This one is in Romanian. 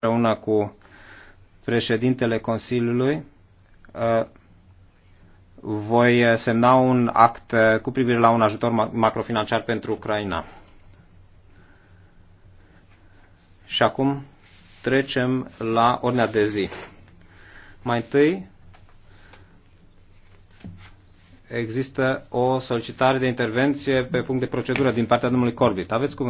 împreună cu președintele Consiliului, uh, voi semna un act uh, cu privire la un ajutor macrofinanciar pentru Ucraina. Și acum trecem la ordinea de zi. Mai întâi există o solicitare de intervenție pe punct de procedură din partea domnului Corbit. Aveți cuvânt.